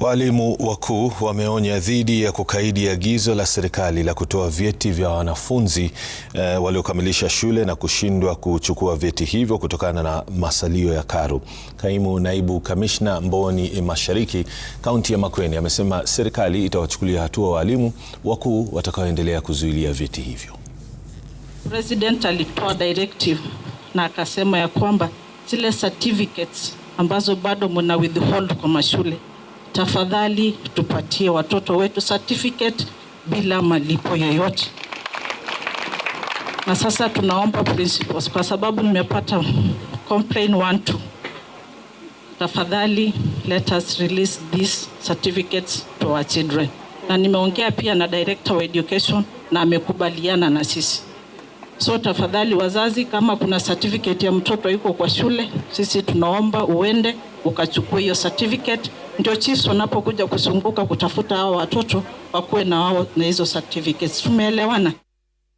Walimu wakuu wameonya dhidi ya kukaidi agizo la serikali la kutoa vyeti vya wanafunzi e, waliokamilisha shule na kushindwa kuchukua vyeti hivyo kutokana na masalio ya karo. Kaimu naibu kamishna Mboni Mashariki, kaunti ya Makueni, amesema serikali itawachukulia hatua walimu wakuu watakaoendelea kuzuilia vyeti hivyo. President alitoa directive na akasema ya kwamba zile certificates ambazo bado mna withhold kwa mashule tafadhali tupatie watoto wetu certificate bila malipo yoyote. Na sasa tunaomba principals, kwa sababu nimepata complain one two, tafadhali let us release these certificates to our children. Na nimeongea pia na director wa education na amekubaliana na sisi. So tafadhali wazazi, kama kuna certificate ya mtoto yuko kwa shule, sisi tunaomba uende ukachukua hiyo certificate, ndio chisu wanapokuja kusunguka kutafuta hao watoto wakuwe na wao na hizo certificates. Tumeelewana?